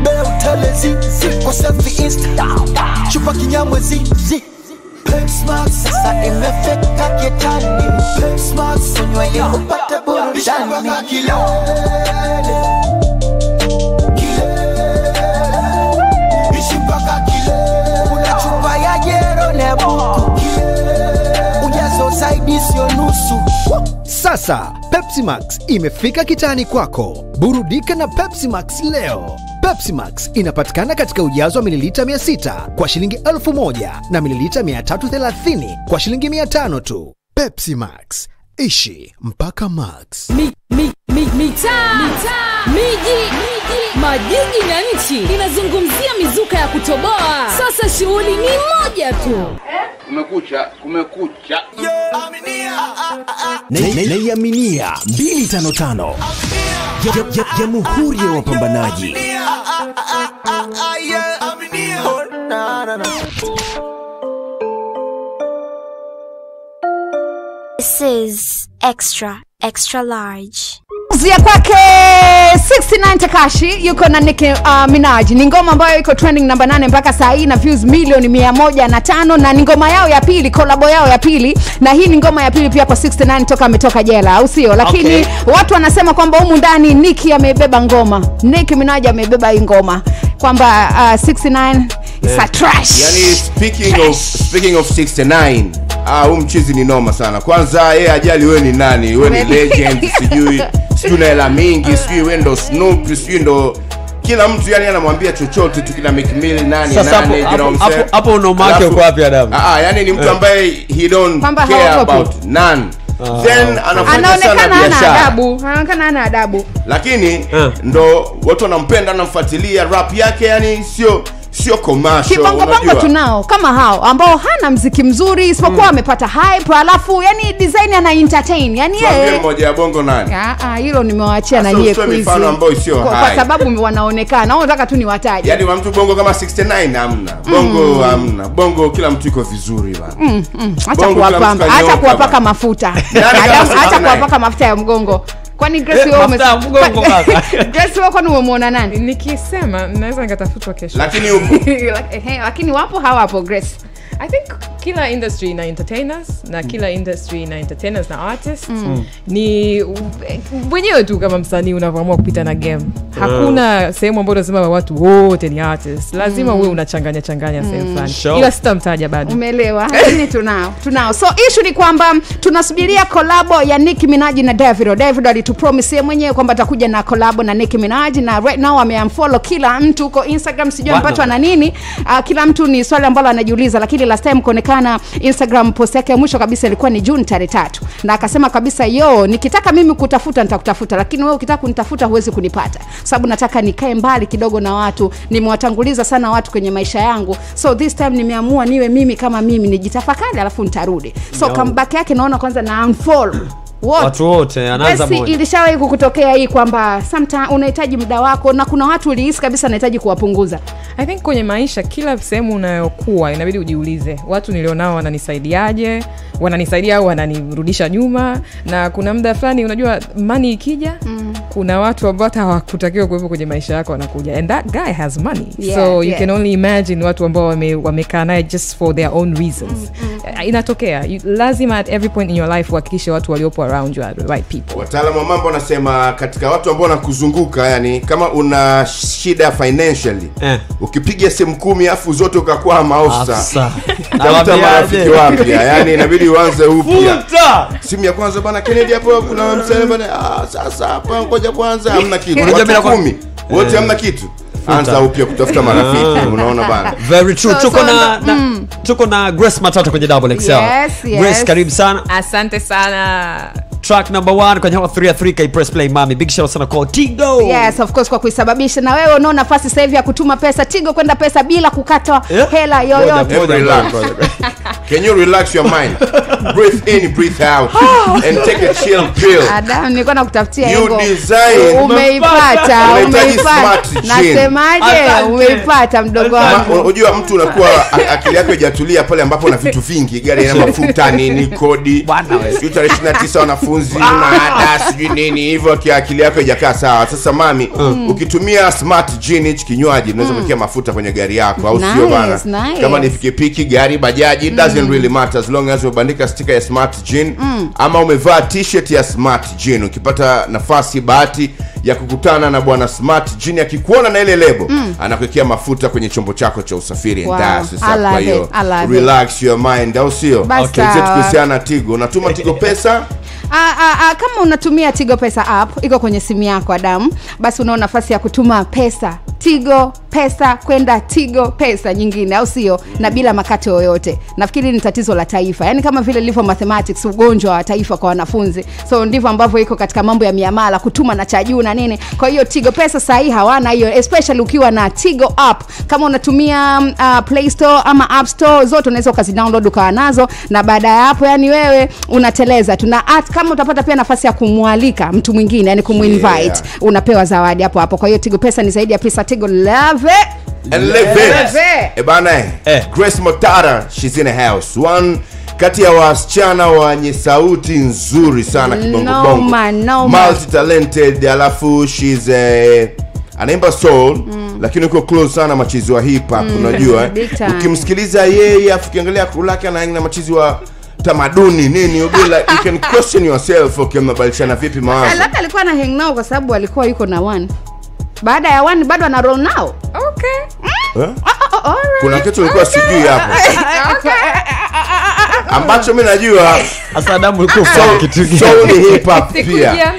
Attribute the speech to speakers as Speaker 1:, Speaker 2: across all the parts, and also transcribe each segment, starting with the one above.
Speaker 1: mbele utele zizi kwa chupa kinyamwe sasa imefika ketani unywe ili upate burudani chupa ya jero
Speaker 2: nebuku zaidi sio nusu. Sasa Pepsi Max imefika kitani kwako. Burudika na Pepsi Max leo. Pepsi Max inapatikana katika ujazo wa mililita 600 kwa shilingi 1000 na mililita 330 kwa shilingi 500 tu. Pepsi Max, ishi mpaka
Speaker 3: max. Mi, mi, mi, mita, mita, miji, miji majiji na nchi inazungumzia mizuka ya kutoboa. Sasa shughuli ni moja tu.
Speaker 4: Kumekucha, kumekucha.
Speaker 1: Naiaminia 255 Jamhuri ya Wapambanaji.
Speaker 5: This is extra, extra large
Speaker 6: ya kwake 69 Takashi yuko na Nicki uh, Minaj. Ni ngoma ambayo iko trending namba 8 mpaka saa hii na views milioni 15 na, na ni ngoma yao ya pili, kolabo yao ya pili, na hii ni ngoma ya pili pia kwa 69 toka ametoka jela, au sio? Lakini okay. watu wanasema kwamba humu ndani Nicki amebeba ngoma, Nicki Minaj amebeba hii ngoma kwamba uh, 69
Speaker 4: it's a eh, trash. Yani speaking trash. of speaking of 69 ah, huu mchizi ni noma sana. Kwanza yeye yeah, ajali wewe ni nani? Wewe ni legend sijui sijui na hela mingi eh. sijui wewe ndo Snoop sijui ndo kila mtu yani anamwambia chochote tu kila mekimili nani nani hapo hapo unoma yake uko wapi adam ah, ah, yani ni mtu eh. ambaye he don't Pamba care about none ah, then ah, anafanya
Speaker 6: anaonekana ana adabu
Speaker 4: lakini uh. ndo watu wanampenda anamfuatilia rap yake yani sio sio commercial. Kibangobango
Speaker 6: tunao kama hao ambao hana mziki mzuri isipokuwa mm. amepata hype, alafu yani design ana entertain yani yeye. Mmoja
Speaker 4: ya bongo nani?
Speaker 6: Ah, ah hilo nimewaachia na nyie quiz. Mfano ambao sio high. Kwa sababu wanaonekana, au nataka tu ni wataje yani
Speaker 4: wa mtu bongo kama 69 hamna. Bongo mm. hamna. Bongo kila mtu iko vizuri bana.
Speaker 6: Mm, mm. Acha kuwapamba, acha kuwapaka mafuta. Yaani, acha kuwapaka mafuta ya mgongo kwani eh, Grace wewe Grace kwani umemwona nani? Nikisema naweza nikatafutwa kesho, lakini yupo. Lakini wapo hawapo Grace
Speaker 3: I think kila industry ina entertainers na kila mm. industry ina entertainers na artists mm. mm. ni mwenyewe tu kama msanii unavyoamua kupita na game hakuna sehemu ambayo unasema watu wote ni artists lazima mm. uwe unachanganya changanya mm. sehemu fulani sure. ila sitamtaja bado
Speaker 6: umeelewa lakini tunao tunao so ishu ni kwamba tunasubiria kolabo ya Nicki Minaj na Davido Davido alitupromise yeye mwenyewe kwamba atakuja na kolabo na Nicki Minaj na right now ameamfollow kila mtu huko Instagram sijui amepatwa na nini uh, kila mtu ni swali ambalo anajiuliza lakini last time kuonekana instagram post yake ya mwisho kabisa ilikuwa ni juni tarehe tatu na akasema kabisa yo nikitaka mimi kutafuta nitakutafuta lakini wewe ukitaka kunitafuta huwezi kunipata sababu nataka nikae mbali kidogo na watu nimewatanguliza sana watu kwenye maisha yangu so this time nimeamua niwe mimi kama mimi nijitafakari alafu nitarudi so no. kambaki yake naona kwanza na unfollow watu
Speaker 7: wote anaanza moja.
Speaker 6: Ilishawahi kukutokea hii kwamba sometimes unahitaji muda wako, na kuna watu ulihisi kabisa nahitaji kuwapunguza.
Speaker 3: I think kwenye maisha, kila sehemu unayokuwa inabidi ujiulize, watu nilionao wananisaidiaje, wananisaidia au wananirudisha nyuma. Na kuna muda fulani, unajua mani ikija mm. kuna watu ambao hata hawakutakiwa kuwepo kwenye maisha yako wanakuja, and that guy has money yeah, so you yeah. can only imagine watu ambao wamekaa naye just for their own reasons mm, mm. Inatokea you, lazima at every point in your life uhakikishe watu waliopo around you are the right
Speaker 4: people wataalamu wa mambo wanasema katika watu ambao wanakuzunguka yani kama una shida financially eh. ukipiga simu kumi afu zote ukakwama ausa tafuta marafiki wapya yani inabidi uanze upya simu ya kwanza bana kennedy hapo kuna msee bana ah, sasa hapa ngoja kwanza hamna kitu watu kumi wote hamna kitu anza upya kutafuta marafiki ah. unaona bana very true so, tuko so, na,
Speaker 5: na mm. tuko na Grace Matata kwenye double XL yes, yes. Grace karibu sana
Speaker 3: asante sana
Speaker 5: track number 1 kwenye 3 K press play mami big shout sana kwa Tigo yes
Speaker 6: of course kwa kuisababisha na wewe unao nafasi sasa hivi ya kutuma pesa Tigo kwenda pesa bila kukata yeah. hela yoyote
Speaker 4: can you relax your mind breathe in breathe out ah. and take a chill pill
Speaker 6: Adam, nilikuwa nakutafutia you design umeipata umeipata nasemaje umeipata mdogo wangu
Speaker 4: unajua mtu unakuwa akili yako haijatulia pale ambapo na vitu vingi gari ina mafuta nini kodi sijui tarehe ishirini na tisa wanafunzi maada sijui nini hivyo akili yako haijakaa sawa sasa mami mm. ukitumia smart gene hichi kinywaji unaweza mm. kuwekea mafuta kwenye gari yako au nice, sio bana nice. kama ni pikipiki gari bajaji mm. doesn't really matter as long as bandika katika ya Smart Jean mm. ama umevaa t-shirt ya Smart Jean, ukipata nafasi bahati ya kukutana na bwana Smart Jini akikuona na ile lebo mm. anakuwekea mafuta kwenye chombo chako cha usafiri wow. Sasa kwa hiyo relax your mind, au sio? Okay. Tukihusiana na Tigo, unatuma Tigo pesa
Speaker 6: A, ah, a, ah, a, ah, kama unatumia Tigo Pesa app iko kwenye simu yako Adamu, basi unao nafasi ya kutuma pesa Tigo Pesa kwenda Tigo Pesa nyingine, au sio? Na mm. bila makato yoyote. Nafikiri ni tatizo la taifa, yaani kama vile lilivyo mathematics, ugonjwa wa taifa kwa wanafunzi. So ndivyo ambavyo iko katika mambo ya miamala, kutuma na chajuu na nini kwa hiyo tigo pesa sahii hawana hiyo especially ukiwa na tigo app kama unatumia mm, uh, play store ama app store zote unaweza ukazidownload ukawa nazo na baada ya hapo yani wewe unateleza tuna at, kama utapata pia nafasi ya kumwalika mtu mwingine yani kumuinvite yeah. unapewa zawadi hapo hapo kwa hiyo tigo pesa ni zaidi ya pesa tigo love it
Speaker 4: and live eh, bana eh. eh. Grace Motara she's in the house. One kati ya wasichana wenye sauti nzuri sana kibongobongo,
Speaker 6: no multi
Speaker 4: talented, alafu she's a anaimba soul mm. lakini uko close sana machizi wa hip hop mm. unajua eh? ukimsikiliza yeye afu ukiangalia kuru lake na machizi wa tamaduni nini ubila you can question yourself okay, mnabadilishana vipi mawazo eh, labda
Speaker 6: alikuwa na hang nao kwa sababu alikuwa yuko na one baada ya wani bado ana roll nao okay.
Speaker 4: mm? eh? oh, oh, oh, oh right. kuna kitu ulikuwa okay. sijui hapo okay ambacho mi najua ni hip hop pia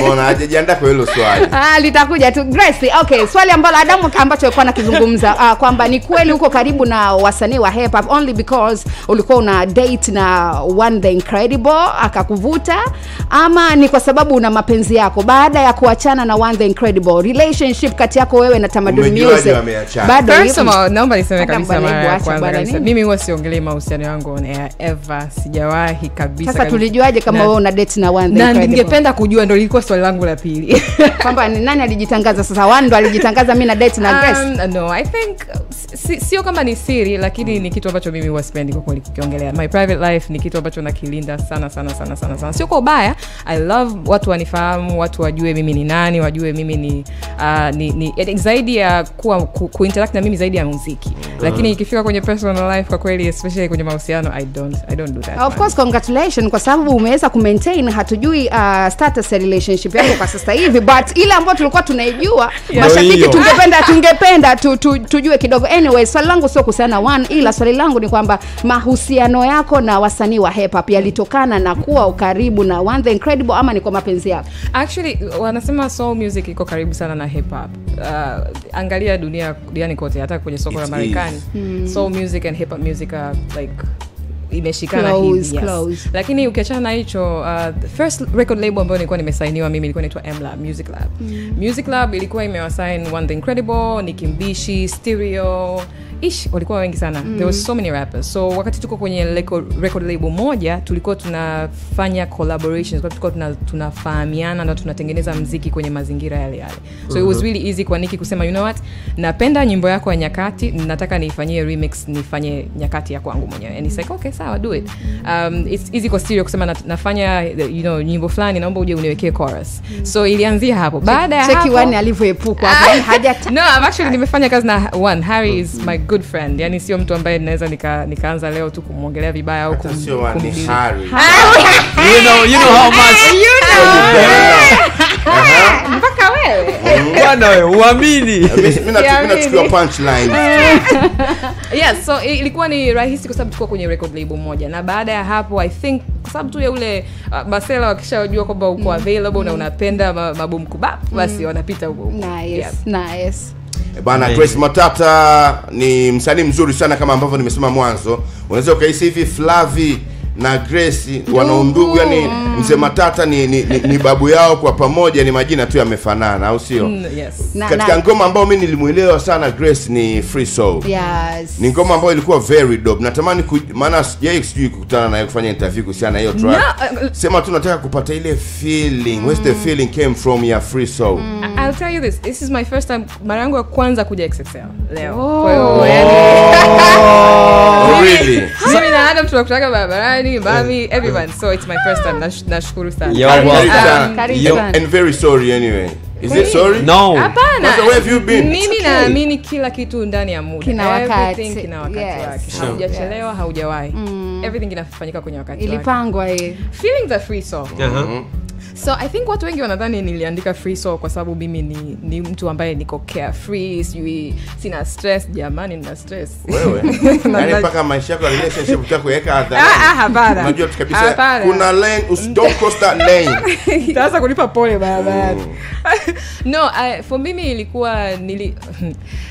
Speaker 4: mbona ajajiandaa kwa hilo swali
Speaker 6: ah, litakuja tu Grace. Okay, swali ambalo Adamu ambacho alikuwa anakizungumza uh, kwamba ni kweli huko karibu na wasanii wa hip hop only because ulikuwa una date na one the incredible akakuvuta, ama ni kwa sababu una mapenzi yako baada ya kuachana na one the incredible relationship kati yako wewe na Tamaduni Music
Speaker 3: bado? Naomba niseme kabisa mara ya kwanza kabisa, mimi huwa siongelei mahusiano yangu onea air ever, sijawahi kabisasa tulijuaje kama wewe una
Speaker 6: date na One na ningependa
Speaker 3: kujua, ndo lilikuwa swali langu la pili
Speaker 6: kwamba ni nani alijitangaza. Sasa wando alijitangaza mi na date na Um,
Speaker 3: no I think si, sio kama ni siri, lakini ni kitu ambacho mimi huwa sipendi kwa kweli kukiongelea. My private life ni kitu ambacho nakilinda sana sana sana sana sana, sio kwa ubaya. I love watu wanifahamu, watu wajue mimi ni nani, wajue mimi ni uh, ni, ni zaidi ya kuwa ku, ku interact na mimi zaidi ya muziki, lakini mm. ikifika kwenye personal life kwa kweli, especially kwenye mahusiano no, I don't, I don't do that. Of course,
Speaker 6: congratulations kwa sababu umeweza ku maintain hatujui uh, status ya relationship yako kwa sasa hivi but ile ambayo tulikuwa tunaijua yeah. Mashabiki tungependa tungependa tu, tu, tujue kidogo. Anyway, swali langu sio kuhusiana one, ila swali langu ni kwamba mahusiano yako na wasanii wa hip hop yalitokana na kuwa ukaribu na One The Incredible ama ni kwa mapenzi yako?
Speaker 3: Actually, wanasema soul music iko karibu sana na hip hop. Uh, angalia dunia yani kote hata kwenye soko la Marekani. Mm. Soul music and hip hop music are like imeshikana hivi yes. lakini ukiachana na hicho uh, first record label ambayo nilikuwa nimesainiwa mimi ilikuwa inaitwa mla music lab mm. music lab ilikuwa imewasign one the incredible nikimbishi stereo ish walikuwa wengi sana mm. there was mm. so many rappers so wakati tuko kwenye record, record label moja tulikuwa tunafanya collaborations tulikuwa tuna, tunafahamiana na tunatengeneza mziki kwenye mazingira yale yale so mm-hmm. it was mm-hmm. really easy kwa niki kusema you know what napenda nyimbo yako ya nyakati nataka niifanyie remix nifanye nyakati ya kwangu mwenyewe and it's like okay sawa do it um, it's easy kwa studio kusema nafanya you know nyimbo fulani naomba uje uniwekee chorus mm. so ilianzia hapo baada ya hapo
Speaker 6: alivyoepuka
Speaker 3: hajata no I'm actually nimefanya kazi na one Harry is mm-hmm. my good friend, yani sio mtu ambaye naweza nikaanza leo tu kumwongelea vibaya au kum, Mpaka wewe. ilikuwa ni rahisi kwa sababu tukuwa kwenye record label moja na baada ya hapo I think kwa sababu tu ya ule uh, masela wakishajua kwamba uko mm. available mm. na unapenda mabomkubap basi mm. wanapita huko. Nice. Yeah. Nice.
Speaker 4: Eh, bana bwana Grace Matata ni msanii mzuri sana kama ambavyo nimesema mwanzo. Unaweza ukahisi hivi Flavi na Grace wana wanaundugu, yani mzee Matata ni, ni, ni, ni babu yao kwa pamoja, ni majina tu yamefanana, au sio? Mm,
Speaker 3: yes.
Speaker 6: katika na, ngoma
Speaker 4: ambayo mimi nilimuelewa sana Grace ni Free Soul.
Speaker 6: Yes.
Speaker 4: Ni ngoma ambayo ilikuwa very dope. Natamani maana sijai sijui kukutana naye kufanya interview kuhusiana na hiyo track. No, uh, uh Sema tu nataka kupata ile feeling, mm. where the feeling came from ya Free Soul.
Speaker 3: Mm. I'll tell you this. This is my first time, mara yangu ya kwanza kuja XXL leo. Mimi na Adam barabarani, mami, everyone. So it's my first time. Nashukuru sana. Um,
Speaker 4: and very sorry anyway. Is it sorry? No. Hapana. where have you been? Mimi naamini
Speaker 3: kila kitu ndani ya muda. Kina wakati. kina wakati wake. Haujachelewa, haujawahi. Mm. Everything inafanyika kwenye wakati wake. Ilipangwa hii. Feelings are free so. Mm-hmm. Uh-huh so i think watu wengi wanadhani niliandika free so kwa sababu mimi ni, ni mtu ambaye niko carefree sijui sina stress jamani nina stress
Speaker 4: yaani mpaka maisha yako relationship ah, ah, unajua kabisa kuna lane don't cross that
Speaker 3: lane
Speaker 4: kulipa pole barabarani
Speaker 3: mm. no I, for mimi ilikuwa nili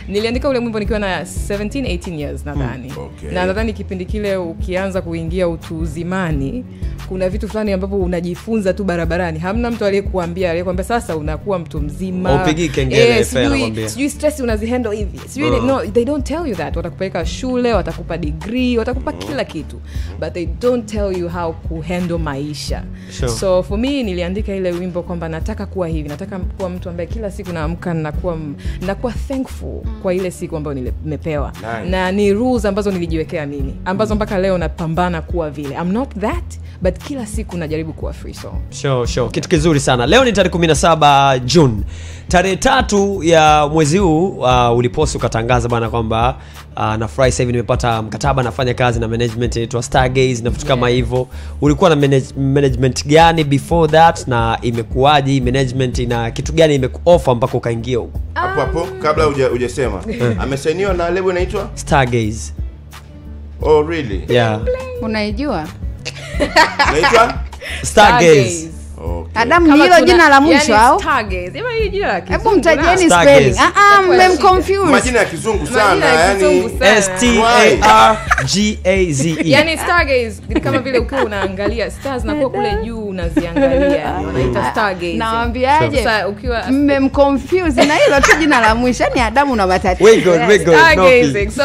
Speaker 3: niliandika ule mwimbo nikiwa na 17 18 years nadhani hmm. okay. na nadhani kipindi kile ukianza kuingia utu uzimani kuna vitu fulani ambapo unajifunza tu barabarani fulani, hamna mtu aliyekuambia aliyekuambia sasa unakuwa mtu mzima, eh, sijui stress unazihendo hivi, sijui uh. no, they don't tell you that. Watakupeleka shule, watakupa degree, watakupa uh. kila kitu but they don't tell you how kuhendo maisha sure. so for me niliandika ile wimbo kwamba nataka kuwa hivi, nataka kuwa mtu ambaye kila siku naamka nakuwa nakuwa thankful mm. kwa ile siku ambayo nimepewa nice. na ni rules ambazo nilijiwekea mimi ambazo mm. mpaka leo napambana kuwa vile. I'm not that but kila siku najaribu kuwa free so
Speaker 5: sure, sure leo, kitu kizuri sana. Leo ni tarehe 17 June, tarehe tatu ya mwezi huu. Uh, uliposti ukatangaza bana kwamba uh, nafurahi sasa hivi nimepata mkataba, nafanya kazi na management inaitwa Stargaze na vitu yeah. kama hivyo. Ulikuwa na manage, management gani before that na imekuwaje management na kitu gani imekuoffer mpaka ukaingia huko?
Speaker 4: Hapo hapo ah. kabla hujasema eh. amesainiwa na label inaitwa
Speaker 5: Stargaze.
Speaker 4: Oh really? Yeah.
Speaker 6: Unaijua?
Speaker 4: Naitwa
Speaker 5: Stargaze. Stargaze.
Speaker 4: Okay.
Speaker 6: Adamu ni hilo jina la mwisho au? Hebu mtajieni spelling. Ah ah,
Speaker 3: mmemconfuse.
Speaker 5: Majina ya kizungu sana yani S T A R G A Z E. Yaani
Speaker 3: stargaze ni kama vile ukiwa unaangalia stars na kwa kule juu unaziangalia. Wanaita stargaze. Naambiaje? Sasa ukiwa
Speaker 6: mmemconfuse na hilo tu jina la mwisho. Yaani Adamu na matatizo. Wait God, wait God. Stargazing. So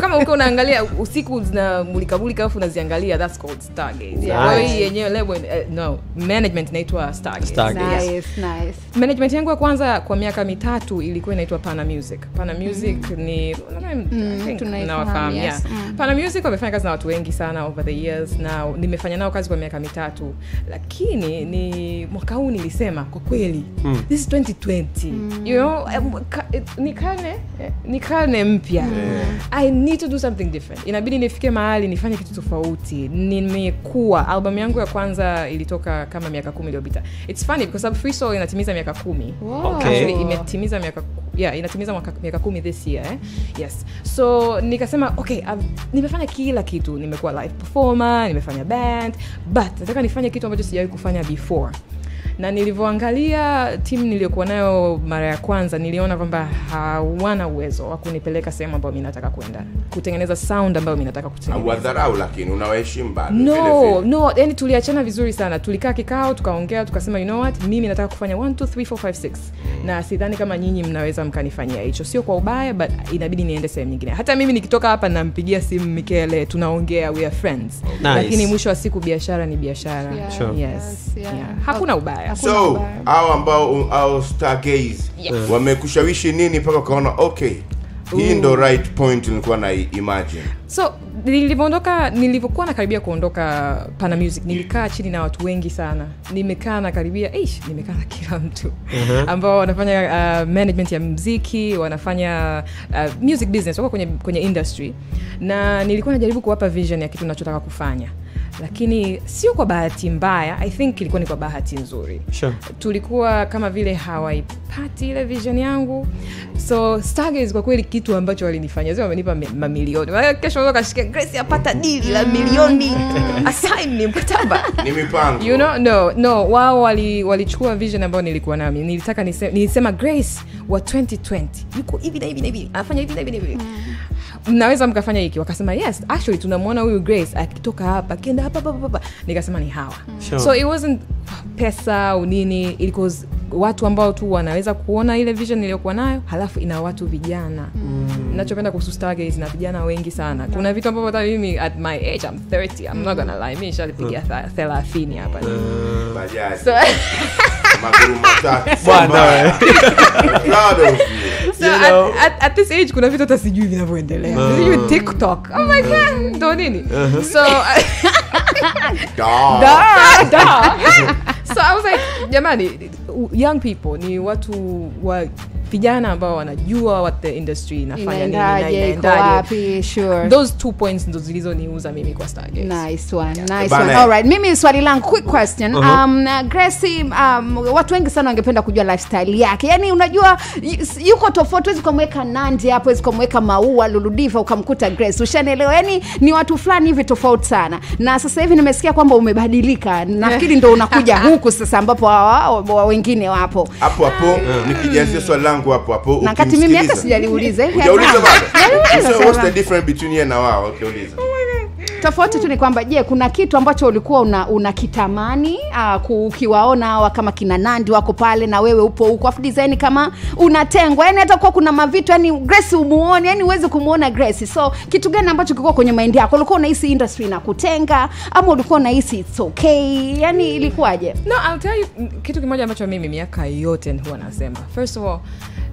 Speaker 3: kama ukiwa unaangalia usiku zinamulika mulika afu unaziangalia that's called stargaze. Kwa hiyo yenyewe label eh, no management management inaitwa Nice, nice. Management yangu ya kwanza kwa miaka mitatu ilikuwa inaitwa Pana Music. Pana Music mm. -hmm. ni mm, Yes. Yeah. Mm. Pana Music wamefanya kazi na watu wengi sana over the years na nimefanya nao kazi kwa miaka mitatu. Lakini ni mwaka huu nilisema kwa kweli mm. this is 2020. Mm. You know, um, ka, eh, ni karne eh, ni karne mpya. Yeah. Mm. I need to do something different. Inabidi nifike mahali nifanye kitu tofauti. Nimekuwa albamu yangu ya kwanza ilitoka kama miaka kumi iliyopita its funny kwa sababu free soul inatimiza miaka kumi wow. okay. imetimiza miaka yeah, inatimiza mwaka, miaka kumi this year eh? yes so nikasema okay I've, nimefanya kila kitu nimekuwa live performer nimefanya band but nataka nifanye kitu ambacho sijawahi kufanya before na nilivyoangalia timu niliyokuwa nayo mara ya kwanza niliona kwamba hawana uwezo wa kunipeleka sehemu ambayo mi nataka kwenda kutengeneza sound ambayo mi nataka kutengenezadharau
Speaker 4: lakini unawaheshimu bado no
Speaker 3: no yani tuliachana vizuri sana tulikaa kikao tukaongea tukasema you know what mimi nataka kufanya 1 2 3 4 5 6 na sidhani kama nyinyi mnaweza mkanifanyia hicho sio kwa ubaya but inabidi niende sehemu nyingine hata mimi nikitoka hapa nampigia simu mikele tunaongea we are friends nice. lakini mwisho wa siku biashara ni biashara yeah, sure. yes, yes, yeah. Yeah. hakuna
Speaker 4: ubaya so hao ambao au stargaze yes. wamekushawishi nini mpaka ukaona okay hii ndo right point nilikuwa na imagine
Speaker 3: so nilivyoondoka nilivyokuwa nakaribia kuondoka pana music nilikaa chini na watu wengi sana nimekaa na karibia ish nimekaa na kila mtu uh-huh. ambao wanafanya uh, management ya mziki wanafanya uh, music business wako kwenye, kwenye industry na nilikuwa najaribu kuwapa vision ya kitu nachotaka kufanya lakini sio kwa bahati mbaya i think ilikuwa ni kwa bahati nzuri sure. tulikuwa kama vile hawaipati ile vision yangu so Stargaze kwa kweli kitu ambacho walinifanya sio wamenipa mamilioni kesho kashikia grace apata dili la milioni asaini mkataba
Speaker 4: ni mipango you know,
Speaker 3: no, no wao walichukua wali vision ambayo nilikuwa nami nilitaka nisema, nilisema grace wa 2020 yuko hivi na hivi na hivi anafanya hivi na hivi na hivi mm mnaweza mkafanya hiki wakasema yes actually tunamwona huyu grace akitoka hapa akienda hapa papapapa nikasema ni hawa mm. sure. so it wasn't pesa unini nini watu ambao tu wanaweza kuona ile vision iliyokuwa nayo halafu ina watu vijana mm. nachopenda kuhusu stargaze na vijana wengi sana no. Mm. kuna vitu ambavyo hata mimi at my age I'm 30 I'm mm. not gonna lie mi mm. thelathini hapa mm. so, so at, at, at this age kuna vitu hata sijui vinavyoendelea oh nini uh-huh. so i was like jamani young people ni watu wa vijana ambao wanajua what the industry inafanya inaendaje iko wapi sure those two points ndo zilizoniuza mimi kwa Stargaze
Speaker 6: nice one nice Bane. one all right mimi swali langu quick question uh-huh. um Gracie um, watu wengi sana wangependa kujua lifestyle yake yani unajua yuko tofauti wezi kumweka Nandi hapo wezi kumweka Maua Luludiva ukamkuta Grace ushanielewa yani ni watu fulani hivi tofauti sana na sasa hivi nimesikia kwamba umebadilika nafikiri ndo unakuja huku sasa ambapo wengine wapo
Speaker 4: hapo hapo ah. nikijazia swali langu yangu hapo hapo. Na kati mimi hata
Speaker 6: sijaliuliza. Hujauliza bado? What's the
Speaker 4: difference between you and wao? Ukiuliza. Oh my
Speaker 6: tofauti tu ni kwamba je kuna kitu ambacho ulikuwa una, kitamani ah, ukiwaona hawa kama kina nandi wako pale na wewe upo huko afu design kama unatengwa yani hata kuwa kuna mavitu yani grace umuone yani uwezi kumuona grace so kitu gani ambacho kikuwa kwenye maindi yako ulikuwa unahisi industry inakutenga ama ulikuwa unahisi its okay yani ilikuwaje
Speaker 3: no I'll tell you kitu kimoja ambacho mimi miaka yote huwa nasema first of all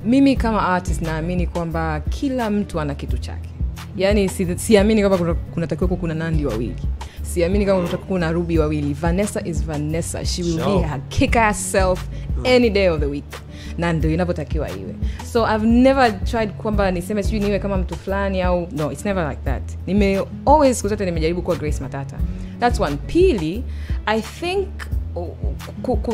Speaker 3: mimi kama artist naamini kwamba kila mtu ana kitu chake yani siamini si kama kunatakiwa kuna, kuna nandi wawili siamini kama kunatakiwa kuna rubi wawili vanessa is vanessa she will be her kick herself any day of the week na ndio inavyotakiwa iwe so i've never tried kwamba niseme sijui niwe kama mtu fulani au no it's never like that nime always kuzote nimejaribu kuwa grace matata thats one pili i think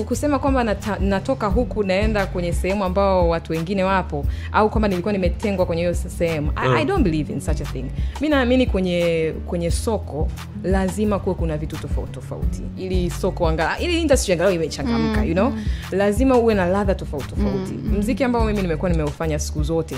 Speaker 3: kusema kwamba natoka huku naenda kwenye sehemu ambao watu wengine wapo au kwamba nilikuwa nimetengwa kwenye hiyo sehemu I, mm. believe in such a thing mi naamini kwenye kwenye soko lazima kuwe kuna vitu tofauti tofauti ili soko ili angalau imechangamka mm. you know lazima uwe na ladha tofauti tofauti mm, mm. mziki ambao mimi nimekuwa nimeufanya siku zote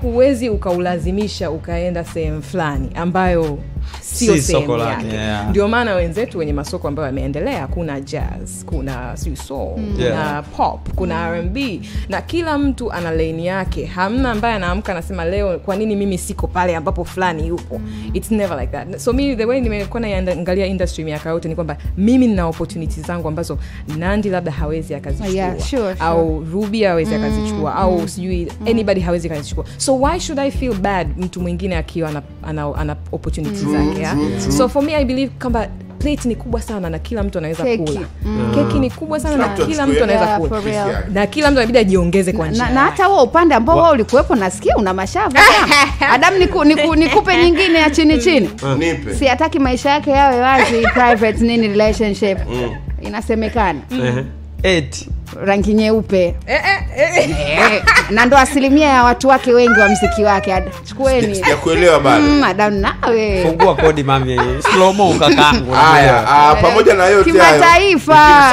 Speaker 3: huwezi ukaulazimisha ukaenda sehemu fulani ambayo sio sehemu yake ndio yeah. maana wenzetu wenye masoko ambayo yameendelea kuna jazz kuna soul mm. kuna yeah. pop kuna mm. rb na kila mtu ana leni yake hamna ambaye anaamka anasema leo kwa nini mimi siko pale ambapo fulani yupo mm. its never like that so mi the way nimekuwa naiangalia industry miaka yote ni kwamba mimi nina opportunity zangu ambazo nandi labda hawezi akazichukua yeah, sure, sure. au ruby hawezi mm, akazichukua mm. au mm. sijui mm. anybody mm. hawezi akazichukua so why should i feel bad mtu mwingine akiwa ana, ana opportunity mm. zake yeah? hmm so for me i believe kwamba plate ni kubwa sana na kila mtu anaweza kula mm. keki ni kubwa sana yeah. na kila mtu anaweza yeah, kula na kila mtu anabidi ajiongeze
Speaker 6: kwa njia na, na hata wewe upande ambao wewe ulikuwepo nasikia una mashavu adamu niku, niku, nikupe nyingine ya chini mm. chini ah, nipe si hataki maisha yake yawe wazi private nini relationship mm. inasemekana
Speaker 4: mm.
Speaker 5: eti
Speaker 6: rangi nyeupe
Speaker 3: eh, eh, eh, eh. eh,
Speaker 6: na ndo asilimia ya watu wake wengi wa mziki wake chukueniakuelewa badamadamu mm, nawefungua
Speaker 5: kodi mami
Speaker 4: slomo kakangu haya ah, pamoja na yote
Speaker 3: kimataifa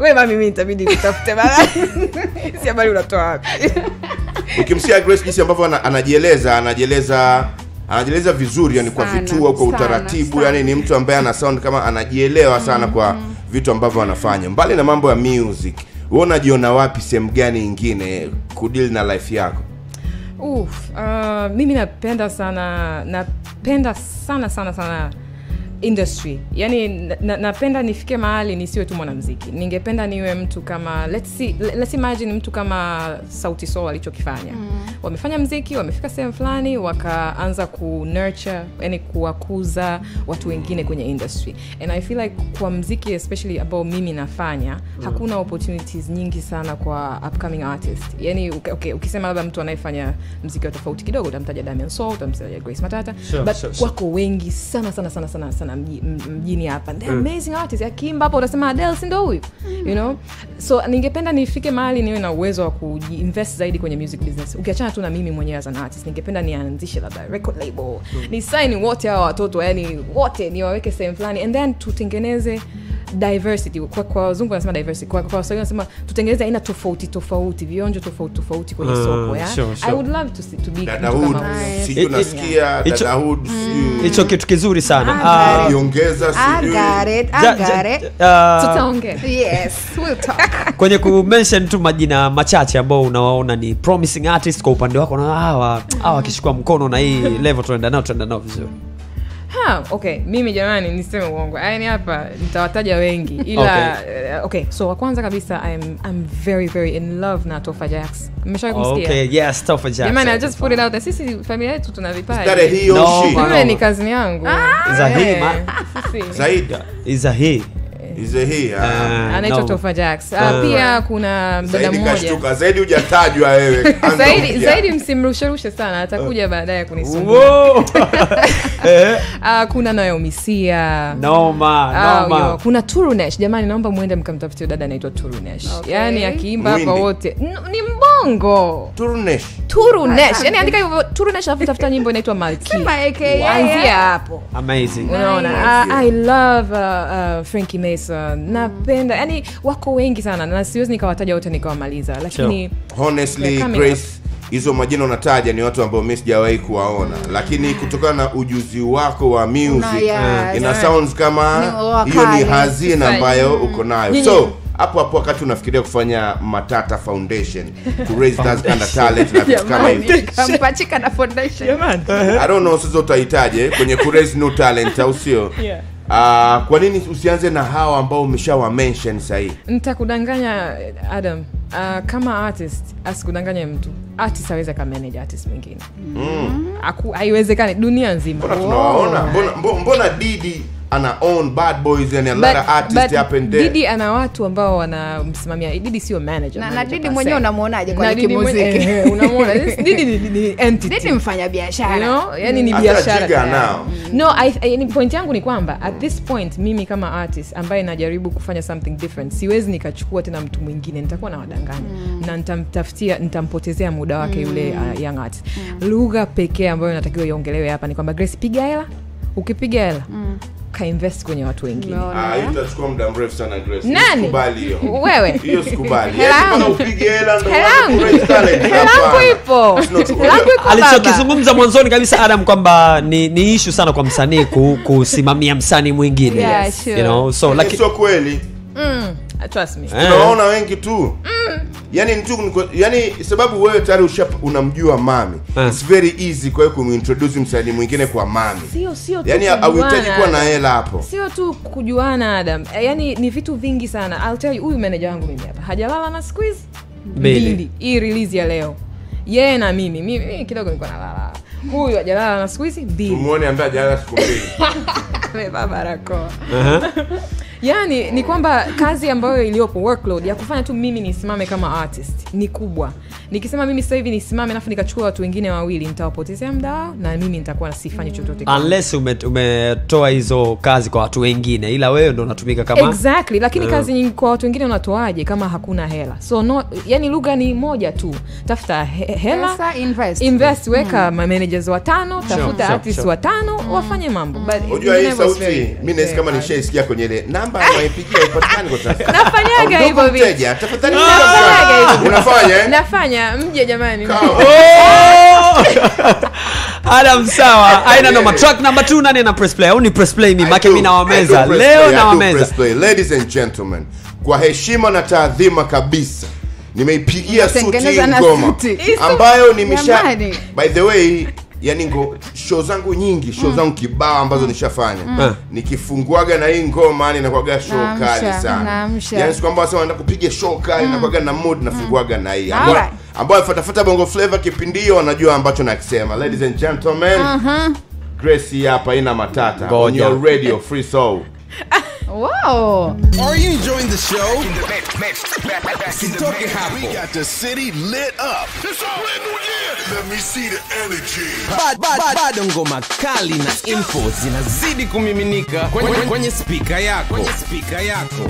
Speaker 3: we mami mi nitabidi kutafute si habari unatoa wapi
Speaker 4: ukimsikia grace jinsi ambavyo anajieleza anajieleza anajieleza vizuri yani kwa vituo kwa utaratibu sana. yani ni mtu ambaye ana sound kama anajielewa sana kwa mm-hmm vitu ambavyo wanafanya mbali na mambo ya music wewe unajiona wapi sehemu gani ingine kudili na life yako
Speaker 3: Uf, uh, mimi napenda sana napenda sana sana sana industry yani na, napenda nifike mahali nisiwe tu mwanamziki ningependa niwe mtu kama let's see, let's imagine mtu kama sauti so walichokifanya mm. wamefanya mziki wamefika sehemu fulani wakaanza ku nurture yani kuwakuza watu wengine kwenye industry and i feel like kwa mziki especially ambao mimi nafanya mm. hakuna opportunities nyingi sana kwa upcoming artist yani okay, okay, ukisema labda mtu anayefanya mziki wa tofauti kidogo utamtaja damian sol utamtaja grace matata sure, but sure, sure. wako wengi sana sana sana sana sana sana mjini, hapa hapa mm. amazing mm. artist akiimba hapo utasema ah, Adele si ndio huyu mm. you know so ningependa nifike mahali niwe na uwezo wa kuinvest zaidi kwenye music business ukiachana tu na mimi mwenyewe as an artist ningependa nianzishe labda record label mm. ni sign wote hawa watoto yani wote niwaweke sehemu fulani and then tutengeneze mm diversity kwa, kwa wazungu wanasema diversity kwa, kwa waswahili wanasema tutengeneze aina tofauti tofauti vionjo tofauti tofauti kwenye uh, soko ya sure, sure. i would love to see, to be
Speaker 5: hicho kitu kizuri sana tutaongea yes
Speaker 6: we'll talk
Speaker 5: kwenye ku mention tu majina machache ambao unawaona ni promising artist kwa upande wako na hawa hawa akishikwa mkono na hii level tunaenda nao tunaenda nao vizuri
Speaker 3: ha okay mimi jamani niseme uongo yani hapa nitawataja wengi ila okay. Uh, okay so wa kwanza kabisa I'm, I'm very very in love na tofa jax okay, yes,
Speaker 5: tofa jax,
Speaker 3: just put it out sisi familia yetu tuna vipaji no, ni kazi yangu ah, eh,
Speaker 4: zaida uh, anaitwa tofa
Speaker 3: jax uh, ah, pia kuna mdada mmoja
Speaker 4: zaidi hujatajwa wewe zaidi, zaidi
Speaker 3: msimrusherushe sana atakuja uh, baadaye kunisumbua
Speaker 4: uh,
Speaker 3: kuna nayo misia noma, ah, noma. Uh, kuna turunesh jamani naomba mwende mkamtafutia dada anaitwa turunesh okay. yani akiimba hapa wote ni mbongo turunesh turunesh ah, yani andika hivyo turunesh alafu tafuta nyimbo inaitwa malkianzia hapo
Speaker 4: unaona
Speaker 3: i love uh, uh, franki mason napenda yani wako wengi sana na siwezi nikawataja wote nikawamaliza lakini
Speaker 4: sure. honestly grace hizo majina unataja ni watu ambao mimi sijawahi kuwaona, lakini kutokana na ujuzi wako wa music yeah, ina yeah. sounds kama hiyo ni hazina ambayo uko nayo so hapo hapo wakati unafikiria kufanya Matata Foundation to raise that kind of talent na vitu kama hivyo,
Speaker 6: mpachika na foundation jamani,
Speaker 4: I don't know, sizo utahitaje kwenye ku raise new talent, au sio? yeah. Uh, kwa nini usianze na hawa ambao umeshawa mention sahii?
Speaker 3: Nitakudanganya Adam uh, kama artist asikudanganye mtu artist awezi akamanage artist mwingine mm. haiwezekani dunia nzima mbona, oh.
Speaker 6: mbona,
Speaker 4: mbona, mbona didi ana own bad boys and a but, lot of artists up and there. Didi
Speaker 3: ana watu ambao wanamsimamia. Didi sio manager. Na, na Didi mwenyewe unamuonaje kwa kimuziki? Unamuona Didi ni, entity. Didi mfanya biashara. You know? Yani ni mm. biashara. Yeah. Mm. No, I, I, point yangu ni kwamba at this point mimi kama artist ambaye najaribu kufanya something different siwezi nikachukua tena mtu mwingine, nitakuwa na mm. na nitamtafutia, nitampotezea muda wake mm. yule uh, young artist. Mm. Lugha pekee ambayo natakiwa iongelewe hapa ni kwamba Grace, piga hela. Ukipiga hela mm kainvest kwenye watu wengine ah, eh?
Speaker 4: muda mrefu yaani,
Speaker 3: alichokizungumza
Speaker 5: mwanzoni kabisa adam kwamba ni, ni ishu sana kwa msanii kusimamia msanii mwingine yeah, sure. you know, so,
Speaker 4: kweli
Speaker 3: mm Ah, trust
Speaker 4: eh. wengi tu mm. yani mtu yani sababu wewe tayari usha unamjua mami uh. it's very easy kwa hiyo kumintroduce msanii mwingine kwa mami
Speaker 3: sio sio yani auhitaji kuwa na hela hapo sio tu kujuana adam eh, yani ni vitu vingi sana I'll tell you huyu meneja wangu mimi hapa hajalala na squeeze mbili hii release ya leo yeye na mimi mimi, mimi kidogo niko nalala huyu ajalala na siku hizi
Speaker 4: mbili muone ambaye ajalala siku mbili
Speaker 3: amevaa barakoa uh-huh. yani ni kwamba kazi ambayo iliyopo workload ya kufanya tu mimi nisimame kama artist ni kubwa nikisema mimi sasa hivi nisimame alafu nikachukua watu wengine wawili nitawapotezea muda wao na mimi nitakuwa sifanyi chochote unless
Speaker 5: umetoa hizo kazi kwa watu wengine ila wewe ndo unatumika kama exactly
Speaker 3: lakini uh. kazi kwa watu wengine unatoaje kama hakuna hela so no, yani lugha ni moja tu tafuta he, hela Pesa, invest. invest weka mm. managers watano tafuta sure, artist sure. watano mm. wafanye mambo
Speaker 4: unajua hii sauti mi nahisi kama nishaisikia kwenye ile namba waipigia ipatikani kwa sasa. Nafanyaga hivyo vipi? Mteja, tafadhali nafanyaga hivyo. Unafanya? eh?
Speaker 3: Nafanya, mje jamani. Oh!
Speaker 5: Adam sawa. Aina noma. Track number 2 nani na press play?
Speaker 4: Au ni press play mimi? Maki mimi nawameza. Leo nawameza. Ladies and gentlemen, kwa heshima na taadhima kabisa nimeipigia suti ngoma ambayo nimesha by the way yani ngo show zangu nyingi show mm. zangu kibao ambazo mm. nishafanya mm. Eh. nikifunguaga na hii ngoma yani inakuwaga show kali sana yani si kwamba wanasema nataka kupiga show kali mm. nakuwaga na mood nafunguaga mm. na hii ambayo right. bongo flavor kipindi hiyo wanajua ambacho nakisema ladies and gentlemen uh-huh. Gracie hapa ina matata on your radio free soul
Speaker 6: Wow. Are you enjoying the show?
Speaker 1: We got the city lit up. It's already New Year. Let me see the energy. Bado bad, bad, bad ngoma kali na info Zina
Speaker 4: zinazidi kumiminika kwenye, kwenye spika yako. Kwenye spika yako.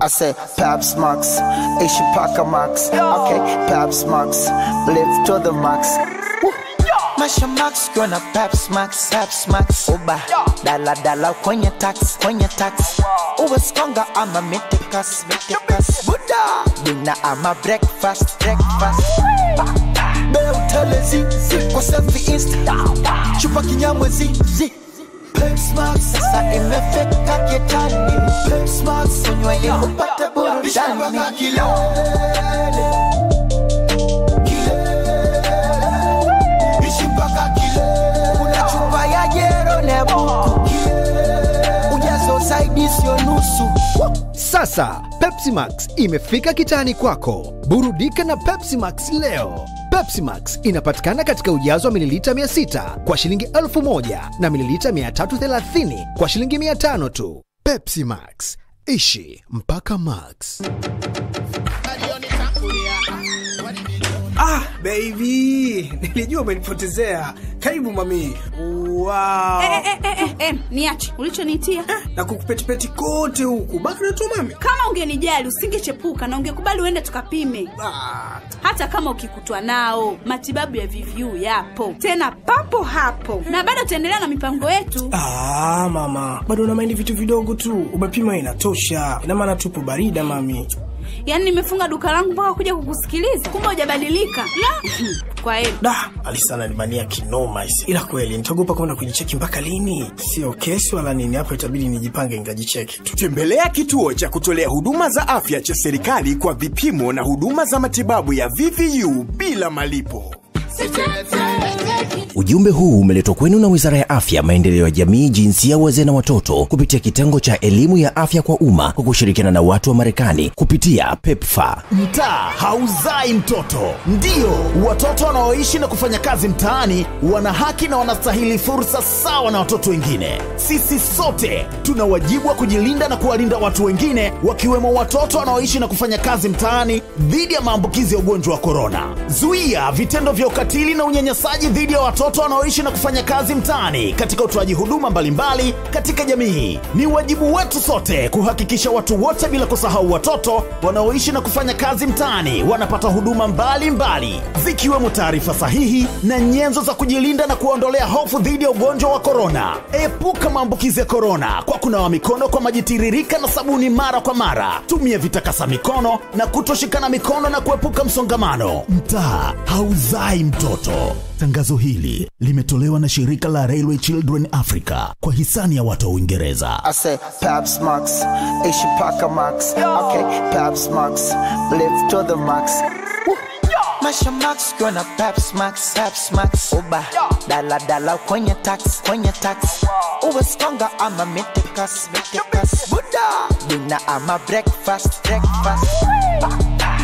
Speaker 1: I say Paps Max, Ishipaka Max. Okay, Paps Max, live to the max. Woo. Masha Max gonna pap smack sap smacks Uba dala dala kwenye tax kwenye tax Uwe skonga ama mitikas mitikas Buddha. Dina ama breakfast breakfast Beutele zizi kwa selfie insta Chupa kinyamwe zizi Pep smart sasa imefika kitani Pep smart sonywa ya upate burudani Bishamba kakilele
Speaker 2: sio nusu. Sasa Pepsi Max imefika kitani kwako, burudika na Pepsi Max leo. Pepsi Max inapatikana katika ujazo wa mililita 600 kwa shilingi 1000 na mililita 330 kwa shilingi 500 tu. Pepsi Max, ishi mpaka max. Ah, baby, nilijua umenipotezea. Karibu mami. Wow. Eh,
Speaker 6: eh, eh, eh, eh. Niache ulichonitia eh, na kukupetipeti kote huku bado tu mami. Kama ungenijali usingechepuka na ungekubali uende tukapime. Ah. Hata kama ukikutwa nao matibabu ya VVU yapo tena papo hapo, na bado utaendelea na mipango yetu.
Speaker 8: Ah,
Speaker 1: mama, bado unamaindi vitu vidogo tu, umepima inatosha. Ina maana tupo barida mami
Speaker 6: yaani nimefunga duka langu mpaka kuja kukusikiliza kumbe hujabadilika la kwa heri da
Speaker 1: alisa nanimania kinoma isi ila kweli nitaogopa kwenda kujicheki mpaka lini sio kesho wala nini hapo itabidi nijipange nikajicheki tutembelea kituo cha kutolea huduma za afya cha serikali kwa vipimo na huduma za matibabu ya vvu bila malipo Ujumbe huu umeletwa kwenu na Wizara ya Afya, Maendeleo ya Jamii, Jinsia, Wazee na Watoto kupitia kitengo cha elimu ya afya kwa umma kwa kushirikiana na watu wa Marekani kupitia PEPFA. Mtaa hauzai mtoto. ndio watoto wanaoishi na kufanya kazi mtaani wana haki na wanastahili fursa sawa na watoto wengine. Sisi sote tuna wajibu wa kujilinda na kuwalinda watu wengine, wakiwemo watoto wanaoishi na kufanya kazi mtaani dhidi ya maambukizi ya ugonjwa wa korona. Zuia vitendo vya ukatili na unyanyasaji dhidi ya watoto wanaoishi na kufanya kazi mtaani katika utoaji huduma mbalimbali katika jamii. Ni wajibu wetu sote kuhakikisha watu wote, bila kusahau watoto wanaoishi na kufanya kazi mtaani, wanapata huduma mbalimbali zikiwemo taarifa sahihi na nyenzo za kujilinda na kuondolea hofu dhidi ya ugonjwa wa korona. Epuka maambukizi ya korona kwa kunawa mikono kwa majitiririka na sabuni mara kwa mara. Tumia vitakasa mikono na kutoshikana mikono na kuepuka msongamano. Mtaa hauzai mtoto. Tangazo hili limetolewa na shirika la Railway Children Africa kwa hisani ya watu wa Uingereza. I say Paps Max, Ishipaka Max. Okay, Paps Max, live to the max. Masha Max kiona Paps Max, Paps Max. Uba dala dala kwenye tax, kwenye tax. Uwe stronger ama mitikas, mitikas. Buda dinner ama breakfast, breakfast.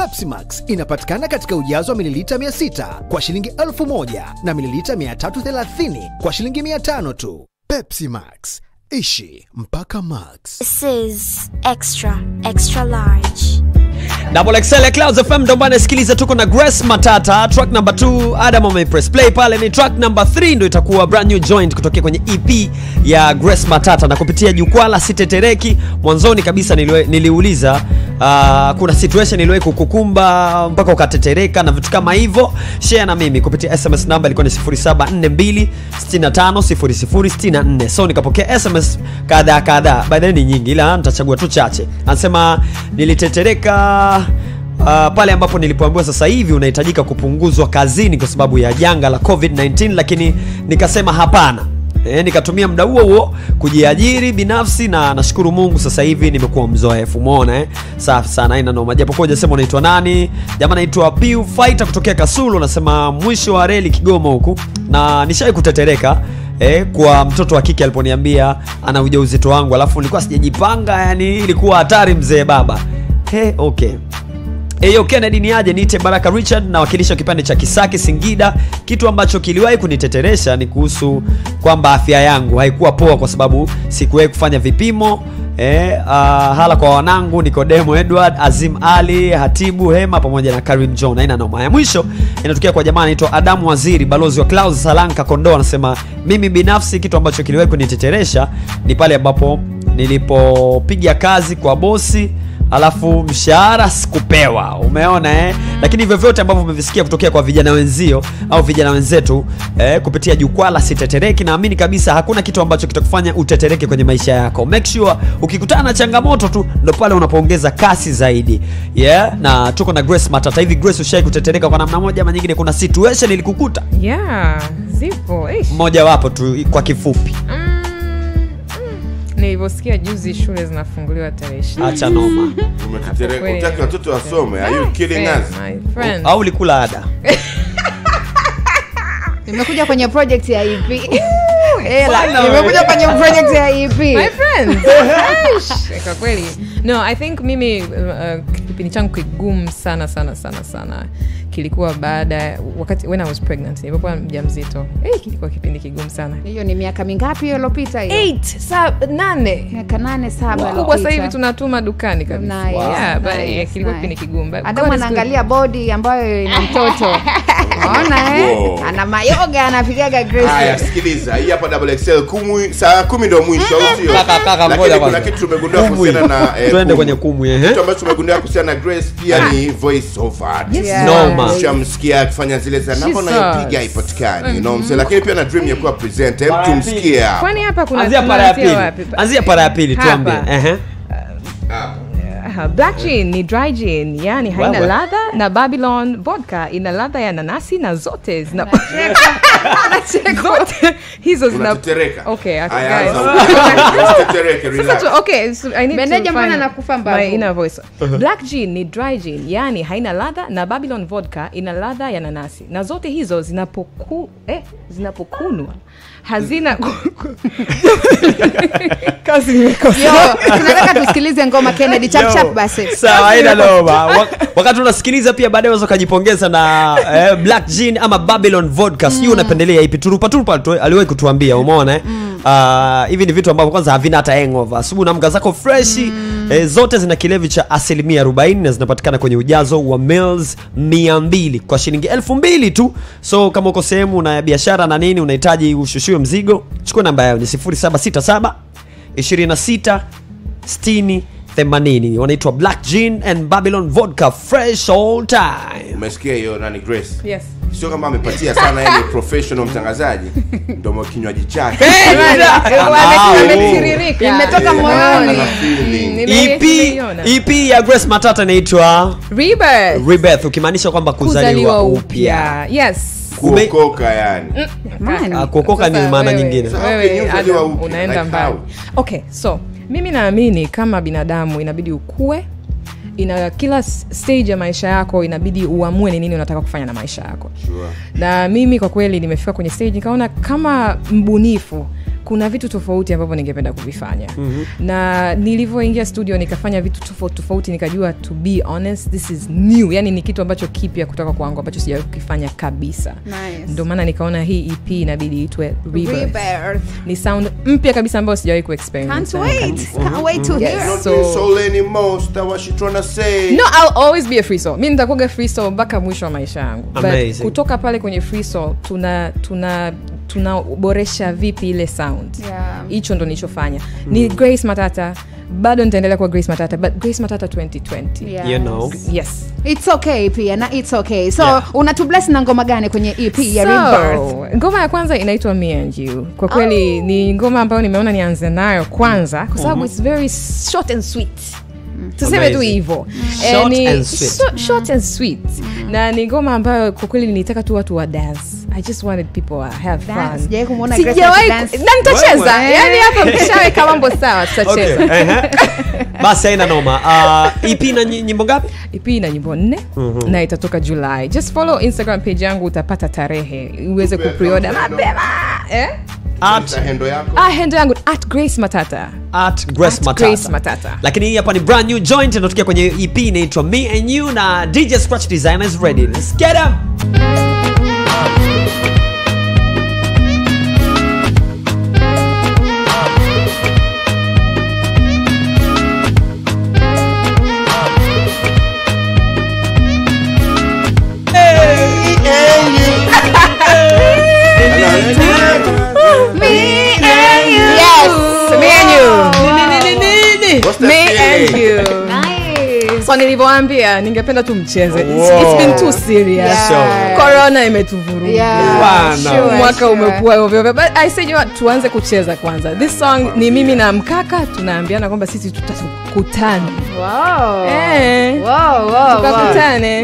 Speaker 2: Pepsi Max inapatikana katika ujazo wa mililita 600 kwa shilingi 1000 na mililita 330 kwa shilingi 500 tu. Pepsi Max,
Speaker 5: ishi mpaka max. This is extra, extra large. Double XL Clouds FM ndo mbana sikiliza, tuko na Grace Matata, track number 2 Adam ame press play pale, ni track number 3 ndo itakuwa brand new joint kutokea kwenye EP ya Grace Matata na kupitia jukwaa la Sitetereki. Mwanzoni kabisa niliwe, niliuliza Uh, kuna situation iliwahi kukukumba mpaka ukatetereka na vitu kama hivyo, share na mimi kupitia SMS namba ilikuwa ni 0742650064. So nikapokea SMS kadhaa kadhaa, by the ni nyingi, ila nitachagua tu chache. Anasema nilitetereka Uh, pale ambapo nilipoambiwa sasa hivi unahitajika kupunguzwa kazini kwa sababu ya janga la COVID-19, lakini nikasema hapana. E, nikatumia muda huo huo kujiajiri binafsi na nashukuru Mungu sasa hivi nimekuwa mzoefu. Umeona eh? Safi sana, haina noma. Japokuwa hujasema unaitwa nani? Jamaa naitwa Piu Fighter kutokea Kasulu, nasema mwisho wa reli Kigoma huku, na nishai kutetereka eh, kwa mtoto wa kike aliponiambia ana ujauzito wangu, alafu nilikuwa sijajipanga, yani ilikuwa hatari mzee baba. He, eh, okay Eyo eh, Kennedy ni aje, niite Baraka Richard, wakilisha kipande cha Kisaki Singida. Kitu ambacho kiliwahi kuniteteresha ni kuhusu kwamba afya yangu haikuwa poa, kwa sababu sikuwahi kufanya vipimo uh, hala kwa wanangu Nikodemo Edward, Azim Ali, Hatibu Hema pamoja na Karim John. Haina noma. Ya mwisho inatokea kwa jamaa anaitwa Adamu Waziri, balozi wa Klaus Salanka Kondoa, anasema mimi binafsi kitu ambacho kiliwahi kuniteteresha ni pale ambapo nilipopiga kazi kwa bosi alafu mshahara sikupewa umeona eh? lakini vyovyote ambavyo umevisikia kutokea kwa vijana wenzio au vijana wenzetu eh, kupitia jukwaa la sitetereki naamini kabisa hakuna kitu ambacho kitakufanya utetereke kwenye maisha yako make sure ukikutana na changamoto tu ndo pale unapoongeza kasi zaidi yeah? na tuko na grace matata hivi grace ushai kutetereka kwa namna moja ama nyingine kuna situation ilikukuta
Speaker 3: yeah, zipo mmoja
Speaker 5: wapo tu kwa kifupi mm
Speaker 3: nilivyosikia juzi shule zinafunguliwa tarehe 20. Acha noma
Speaker 5: Unataka watoto
Speaker 4: wasome Are you killing us? au ulikula ada
Speaker 6: nimekuja kwenye project ya e ipi nimekuja kwenye project ya e friends.
Speaker 3: kwa kweli no i think mimi uh, uh, kipindi changu kigumu sana sana sana sana kilikuwa baada wakati when I was pregnant nilipokuwa mzito Hey, eh, kilikuwa kipindi kigumu sana.
Speaker 6: Hiyo ni miaka mingapi hiyo iliyopita
Speaker 3: kubwa sasa hivi tunatuma dukani kabisa. kilikuwa kipindi kigumuanaangalia
Speaker 6: bodi ambayo ina mtoto.
Speaker 4: eh?
Speaker 6: Ana mayoga anapigaga
Speaker 4: Hii hapa kumi saa 10 ndio mwisho au kitu tumegundua kuhusiana na eh, kwenye eh? Kitu ambacho tumegundua kuhusiana na Grace pia ni ah. voice Yes ngoma akifanya zile za namba haipatikani you mm-hmm. mse lakini pia na dream ya kuwa presenter hebu kwani
Speaker 3: hapa
Speaker 6: kuna anzia para ya pili
Speaker 4: anzia para ya pili tuambie ehe
Speaker 3: hapa vodka black gin ni dry gin yani haina well, ladha well. na babylon vodka ina ladha ya nanasi na zote zina zote hizo zina okay okay, I need to find my inner voice. Uh-huh. Black gin ni dry gin, yani haina ladha na Babylon vodka ina ladha ya nanasi. Na zote hizo zinapoku eh, zinapokunwa hazina kazi nimekosa. Yo, tunataka tusikilize ngoma Kennedy chap chap
Speaker 5: wakati unasikiliza pia baadaye unaweza ukajipongeza na eh, black jean ama babylon vodka sijui mm. unapendelea ipi turupa turupa aliwahi kutuambia umeona eh? mm. uh, hivi ni vitu ambavyo kwanza havina hata engova subu namga zako freshi mm. eh, zote zina kilevi cha asilimia 40 na zinapatikana kwenye ujazo wa mils 200 kwa shilingi 2000 tu so kama uko sehemu na biashara na nini unahitaji ushushiwe mzigo chukua namba yao ni 767 26 60 80 wanaitwa black jean and babylon
Speaker 4: vodka fresh all time umesikia hiyo nani grace yes sio kama amepatia sana yeye professional mtangazaji ndomo kinywaji chake imetoka ep e e ya grace matata inaitwa
Speaker 5: rebeth ukimaanisha kwamba kuzaliwa upya
Speaker 3: yes
Speaker 4: kuokoka yani
Speaker 3: mm, mm. Ah,
Speaker 4: kuokoka ni maana nyingine unaenda mbali
Speaker 3: okay so mimi naamini kama binadamu inabidi ukue ina kila stage ya maisha yako inabidi uamue ni nini unataka kufanya na maisha yako sure. na mimi kwa kweli nimefika kwenye stage nikaona kama mbunifu kuna vitu tofauti ambavyo ningependa kuvifanya mm-hmm. na nilivyoingia studio nikafanya vitu tofauti tofauti nikajua to be honest this is new yani ni kitu ambacho kipya kutoka kwangu ambacho sijawahi kukifanya kabisa nice. ndio maana nikaona hii ep inabidi itwe ni sound mpya kabisa ambayo sijawahi
Speaker 4: kuexperiencesoul
Speaker 3: mi nitakuaga free soul mpaka mwisho wa maisha yangu kutoka pale kwenye free soul tuna tuna tunaboresha vipi ile sound hicho yeah. ndo nilichofanya mm. ni grace matata bado nitaendelea kuwa grace matata but grace matata 2020 yes. you know. yes
Speaker 6: it's okay pia na it's okay so yeah. unatubles na ngoma gani kwenye ep ya so,
Speaker 3: ngoma ya kwanza inaitwa me and you kwa kweli oh. ni ngoma ambayo nimeona nianze nayo kwanza kwa sababu mm-hmm. it's very short and sweet tuseme tu hivyo eh, ni short and sweet mm. na ni ngoma ambayo kwa kweli nitaka tu watu wa dance i just wanted people have fun na nitacheza yani mkishaweka mambo sawa tutacheza
Speaker 5: uh-huh. basi aina noma uh, e na nyimbo ngapi e
Speaker 3: ipi na nyimbo nne mm-hmm. na itatoka julai just follow instagram page yangu utapata tarehe uweze kuprioda mapema eh?
Speaker 4: Ah, hendo
Speaker 3: yangu at grace matata
Speaker 5: at grace at matata. Grace matata lakini hii hapa ni brand new joint inatokea kwenye ep inaitwa me and you na dj scratch designers ready let's get them
Speaker 3: Thank you. Nice. nilivyoambia ningependa tu mcheze. Wow. It's been too
Speaker 5: serious.
Speaker 3: Corona Mwaka But I said you tuanze kucheza kwanza. This song ni mimi na mkaka tunaambiana kwamba sisi tutatu tukakutana
Speaker 6: eh.
Speaker 3: wow. wow, wow, tukakutane eh.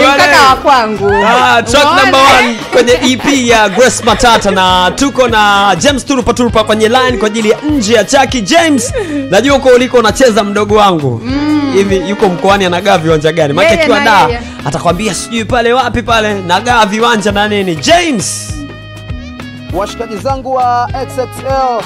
Speaker 3: eh. ah,
Speaker 5: kwenye ep ya grace matata na tuko na james turupaturupa kwenye line kwa ajili ya nje ya chaki james najua uko uliko unacheza mdogo wangu mm. hivi yuko mkoani anagaa viwanja gani maake akiwa da atakwambia sijui pale wapi pale nagaa viwanja na nini james
Speaker 8: Washikaji zangu wa XXL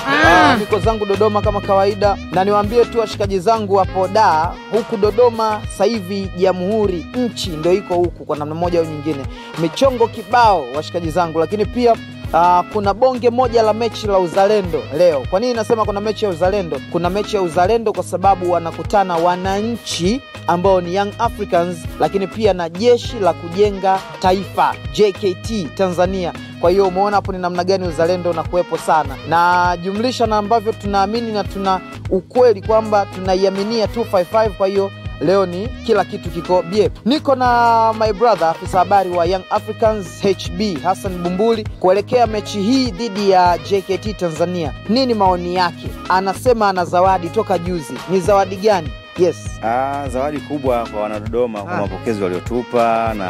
Speaker 8: ah. zangu Dodoma kama kawaida, na niwaambie tu washikaji zangu wapo da huku Dodoma. sahivi Jamhuri nchi ndo iko huku kwa namna moja au nyingine, michongo kibao washikaji zangu, lakini pia Uh, kuna bonge moja la mechi la uzalendo leo. Kwa nini nasema kuna mechi ya uzalendo? Kuna mechi ya uzalendo kwa sababu wanakutana wananchi ambao ni Young Africans, lakini pia na jeshi la kujenga taifa JKT Tanzania. Kwa hiyo umeona hapo ni namna gani uzalendo unakuwepo sana, na jumlisha na ambavyo tunaamini na tuna ukweli kwamba tunaiaminia 255 kwa hiyo leo ni kila kitu kiko bie. Niko na my brother afisa habari wa Young Africans HB Hassan Bumbuli kuelekea mechi hii dhidi ya JKT Tanzania. Nini maoni yake? Anasema ana zawadi toka juzi, ni zawadi gani?
Speaker 7: Yes. Ah, zawadi kubwa kwa wanadodoma kwa ah. mapokezi waliotupa na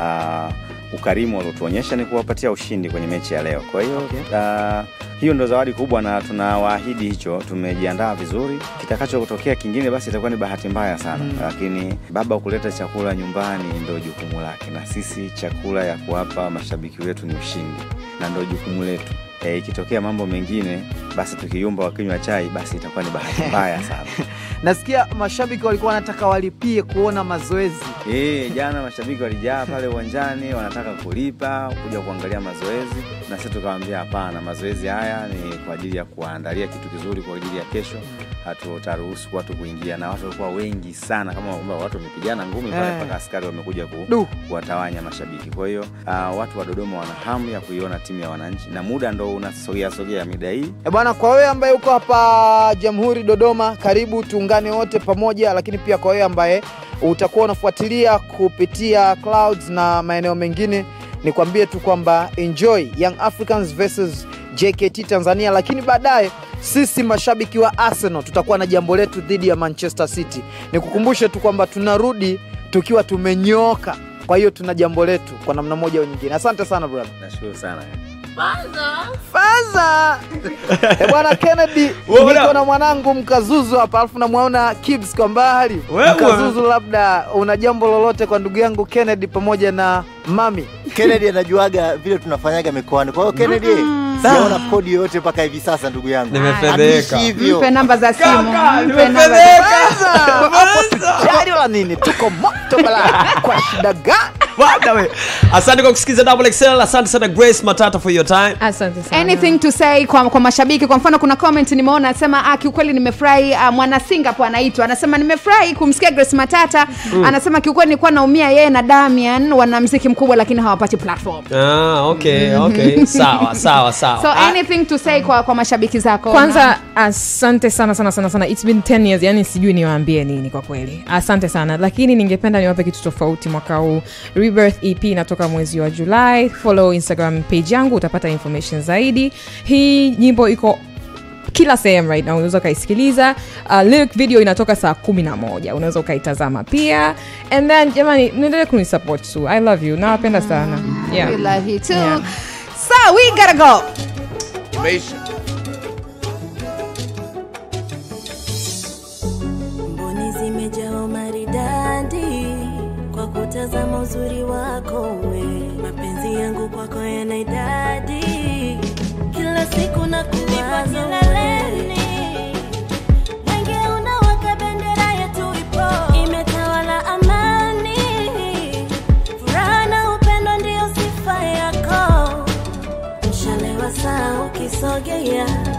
Speaker 7: ah, ukarimu waliotuonyesha ni kuwapatia ushindi kwenye mechi ya leo. Kwa hiyo okay. ah, hiyo ndo zawadi kubwa na tunawaahidi hicho tumejiandaa vizuri kitakacho kutokea kingine basi itakuwa ni bahati mbaya sana mm. lakini baba kuleta chakula nyumbani ndo jukumu lake na sisi chakula ya kuwapa mashabiki wetu ni ushindi na ndo jukumu letu eh, ikitokea e, mambo mengine basi tukiyumba wakinywa chai basi itakuwa ni bahati mbaya sana
Speaker 8: nasikia mashabiki walikuwa wanataka walipie kuona mazoezi e, jana mashabiki walijaa pale
Speaker 7: uwanjani wanataka kulipa kuja kuangalia mazoezi na sisi tukawambia hapana, mazoezi haya ni kwa ajili ya kuandalia kitu kizuri kwa ajili ya kesho, hatutaruhusu watu kuingia. Na watu walikuwa wengi sana, kama kwamba watu wamepigana ngumi pale eh. mpaka askari wamekuja kuwatawanya mashabiki. Kwa hiyo uh, watu wa Dodoma wana hamu ya kuiona timu ya wananchi, na muda ndo unasogea sogea mida hii
Speaker 8: e bwana. Kwa wewe ambaye uko hapa Jamhuri Dodoma, karibu tuungane wote pamoja, lakini pia kwa wewe ambaye utakuwa unafuatilia kupitia clouds na maeneo mengine nikwambie tu kwamba enjoy Young Africans versus JKT Tanzania, lakini baadaye sisi mashabiki wa Arsenal tutakuwa na jambo letu dhidi ya Manchester City. Nikukumbushe tu kwamba tunarudi tukiwa tumenyooka, kwa hiyo tuna jambo letu kwa namna moja au nyingine. Asante sana brother. Nashukuru sana. Faza. Eh, bwana Kennedy, niko na mwanangu Mkazuzu hapa alafu namwona Kibs kwa mbali. Mkazuzu, labda una jambo lolote kwa ndugu yangu Kennedy pamoja na mami. Kennedy anajuaga vile tunafanyaga mikoani. Kwa hiyo Kennedy, mm. kodi
Speaker 1: yoyote mpaka hivi sasa ndugu yangu. Nimefedheka. Mpe
Speaker 6: namba za simu. Mpe namba za simu. Hapo
Speaker 5: tayari nini? Tuko
Speaker 6: moto bala.
Speaker 5: Kwa shida gani? asante kwa kusikiliza double excel asante sana grace matata for your time asante sana. anything
Speaker 6: to say kwa, kwa mashabiki kwa mfano kuna comment nimeona anasema ah, kiukweli nimefurahi uh, mwana singapo anaitwa anasema nimefurahi kumsikia grace matata mm. anasema kiukweli nilikuwa naumia yeye na damian wana
Speaker 3: mziki mkubwa lakini hawapati platform
Speaker 5: ah, okay, mm. okay. sawa sawa sawa so ah.
Speaker 3: anything to say kwa, kwa mashabiki zako kwanza asante sana sana sana sana it's been 10 years yani sijui niwaambie nini kwa kweli asante sana lakini ningependa niwape kitu tofauti mwaka huu Rebirth EP inatoka mwezi wa Julai. Follow Instagram page yangu utapata information zaidi. Hii nyimbo iko kila sehemu right now unaweza ukaisikiliza uh, lyric video inatoka saa kumi na moja unaweza ukaitazama pia and then jamani mnaendelea kunisupport tu i love you nawapenda sana yeah. We love you too. Yeah.
Speaker 6: so we gotta go
Speaker 3: mboni nikitazama uzuri wako we, mapenzi yangu kwako yana idadi, kila siku na kuwaza wewe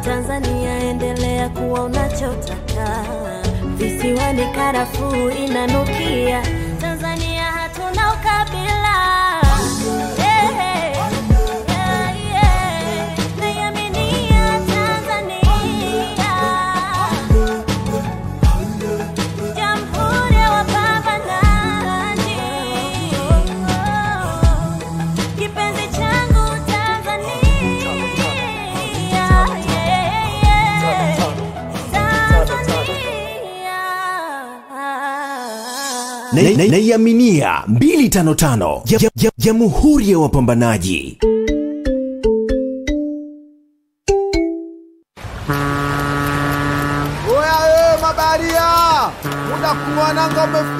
Speaker 3: Tanzania, endelea kuwa unachotaka. Visiwani karafuu inanukia.
Speaker 1: naiaminia 255 Jamhuri ya Wapambanaji.
Speaker 8: Eh, mabaria,
Speaker 7: unakuwa umefu